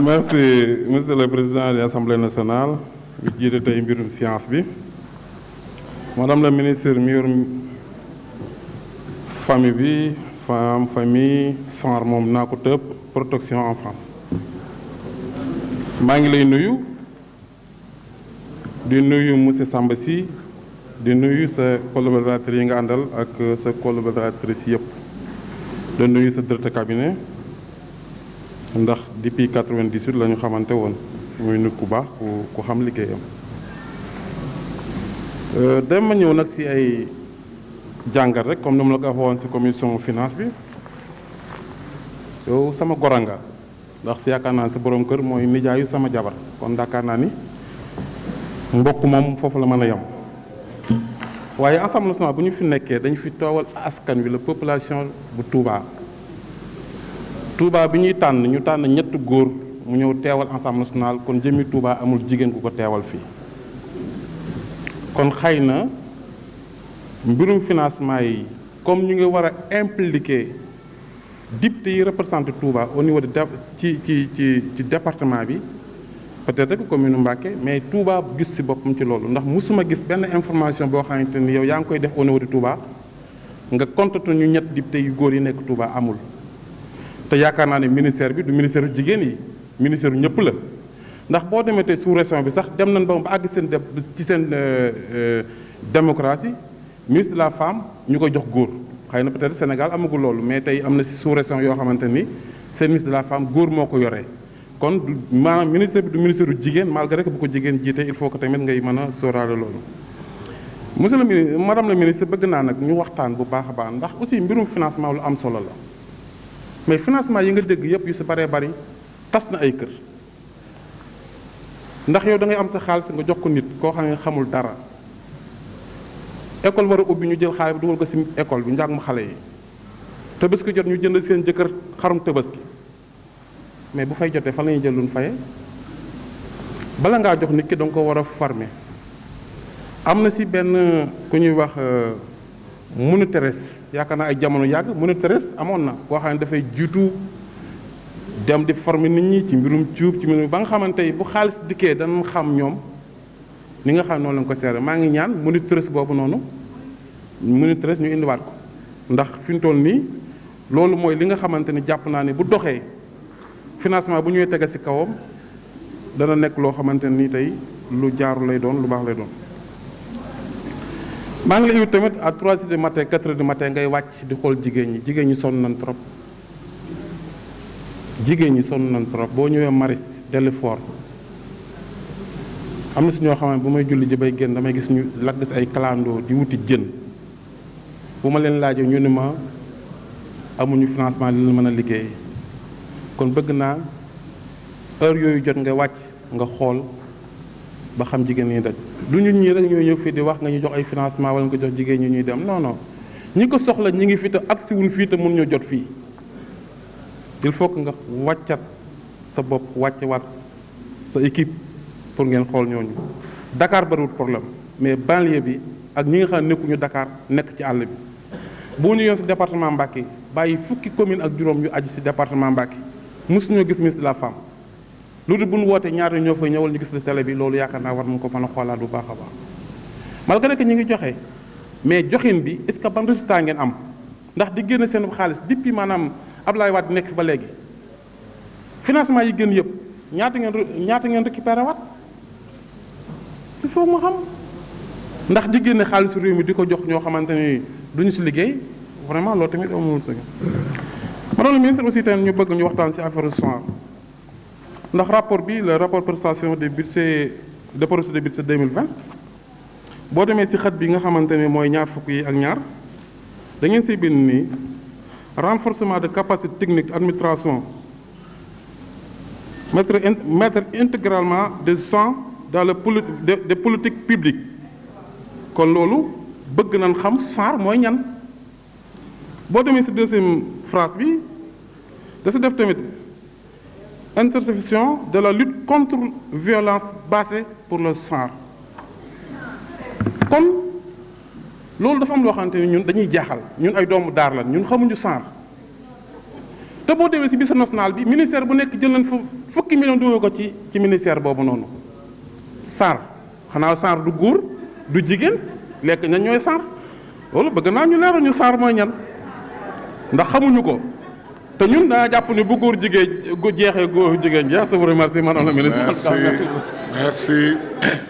merci monsieur le président de l'Assemblée nationale bi jiite mbirum science bi madame la ministre mbirum famille bi femme famille genre moom naa ko tëb protection enfance maa ngi lay nuyu di nuyu monsieur Samba si di nuyu sa collaborateur yi nga àndal ak sa collaboratrice yëpp da nuyu sa directeur cabinet ndax depuis 98 la ñu xamante woon muy nit ku baax ku ku xam liggéeyam euh, dem ma ñëw nag ci ay jàngat rek kon ni la ko waxoon ci commission finance bi yow sama goranga ndax si yaakaar naa sa borom kër mooy nijaayu sama jabar kon yaakaar naa ni mbokk moom foofu la mën a yem waaye assemblée nationale bu ñu fi nekkee dañu fi toogal askan wi la population bu tuubaa Touba bi ñuy tànn ñu tànn ñett góor mu ñëw teewal Assemblée nationale kon jëmmi Touba amul jigéen ku ko teewal fii kon xay na mbirum financement yi comme ñu ngi war a impliqué député yi représenté Touba au niveau de ci ci ci ci département bi peut-être que commune Mbacké mais Touba gis ci boppam ci loolu ndax musuma gis benn information boo xamante ni yow yaa ngi koy def au niveau nga compte ñu ñett député yu góor yi nekk Touba amul. te yaakaar naa ne ministère bi du ministère u jigéen yi ministère ñëpp la ndax boo demee tey sous région bi sax dem nañ ba ba àgg seen ci seen euh, euh, démocratie ministre de la femme ñu ko jox góor xay na peut-être Sénégal amagul loolu mais tey am na si sous région yoo xamante ni seen ministre la femme góor moo ko yoree kon du maanaam ministère bi du ministère u jigéen malgré que bu ko jigéen jiite il faut que tamit ngay mën a sóoraale loolu monsieur le ministre madame la ministre bëgg naa nag ñu waxtaan bu baax a baax ndax aussi mbirum financement lu am solo la mais financement yi nga dégg yépp yu si baree bari tas na ay kër ndax yow da ngay am sa xaalis nga jox ko nit koo xam ne xamul dara ecole war ubbi ñu jël xaalis bi dugal ko si école bi njàng mu xale yi tabaski jot ñu jënd seen jëkkër xarum tabaski mais bu fay jotee fa la ñuy jël lu bala ngaa jox nit ki da ko war a former am na si benn ku ñuy wax euh, monitrice yaakaar naa ay jamono yàgg monitrice amoon na koo xam ne dafay jiitu dem di former nit ñi ci mbirum cuub ci mbirum ba nga xamante ni bu xaalis dikkee danañ xam ñoom ni nga xam noonu lañ ko seere maa ngi ñaan monitrice boobu noonu monitrice ñu indiwaat ko ndax fi mu toll nii loolu mooy li nga xamante ni jàpp naa ne bu doxee financement bu ñuy tege ci kawam dana nekk loo xamante nii tey lu jaaru lay doon lu baax lay doon. maa ngi lay tamit à 3 heures du matin 4 heures du matin ngay wàcc di xool jigéen ñi jigéen ñi sonn nañ trop jigéen ñi sonn nañ trop boo ñëwee maris Dalifort am na si ñoo xam ne bu may julli ji bay génn damay gis ñu lagg si ay kalandoo di wuti jën bu ma leen laajee ñu ni ma amuñu financement li la mën a liggéey kon bëgg naa heure yooyu jot nga wàcc nga xool ba xam jigéen ñi daj du ñun ñii rek ñoo ñëw fii di wax nga ñu jox ay financement wala nga jox jigéen ñi ñuy dem non ñi ko soxla ñi ngi fi te agsi wuñ fii te mun ñoo jot fii il faut que sa bopp wàccewaat sa équipe pour ngeen xool ñooñu Dakar bariwul problème mais banlieue bi ak ñi nga xam ne nekkuñu dakaar nekk ci àll bi boo ñu yoon si département Mbacké bàyyi fukki commune ak juróom yu aji si département Mbacké mosuñoo gis ministre de la femme lu dul buñ woote ñaar ñoo fay ñëwal ñu gis la télé bi loolu yaakaar naa war nañ ko mën a xoolaat bu baax a baax malgré que ñu ngi joxe mais joxin bi est ce que ban résultat ngeen am ndax di génn seenu xaalis depuis maanaam waat Wade nekk fi ba léegi financement yi gën yëpp ñaata ngeen ñaata ngeen récupéré waat il faut mu xam ndax di génn xaalisu réew mi di ko jox ñoo xamante ni duñu si liggéey vraiment loolu tamit amul sëñ madame le ministre aussi tamit ñu bëgg ñu waxtaan si affaire soin ndax rapport bi le rapport prestation des budgets de projet de budget 2020 boo demee ci xët bi nga xamante ne mooy ñaar fukk yi ak ñaar da ngeen siy bind nii renforcement de capacité technique administration mettre mettre intégralement des gens dans le poli des politiques publiques kon loolu bëgg nañ xam saar mooy ñan boo demee ci deuxième phrase bi da def tamit. intersection de la lutte contre violence basée pour le genre kon loolu dafa am loo xamante ni ñun dañuy jaaxal ñun ay doomu daar lan ñun xamuñu genre te boo demee ci biir national bi ministère bu nekk jël nañ fa fukki million dugal ko ci ci ministère boobu noonu genre xanaa genre du góor du jigéen lekk ñan ñooy genre loolu bëgg naa ñu leeral ñu genre mooy ñan ndax xamuñu ko te ñun daa jàpp ni bu góor jigéen gu jeexee góor jigéen ja je vous remercie madame la ministre. merci merci.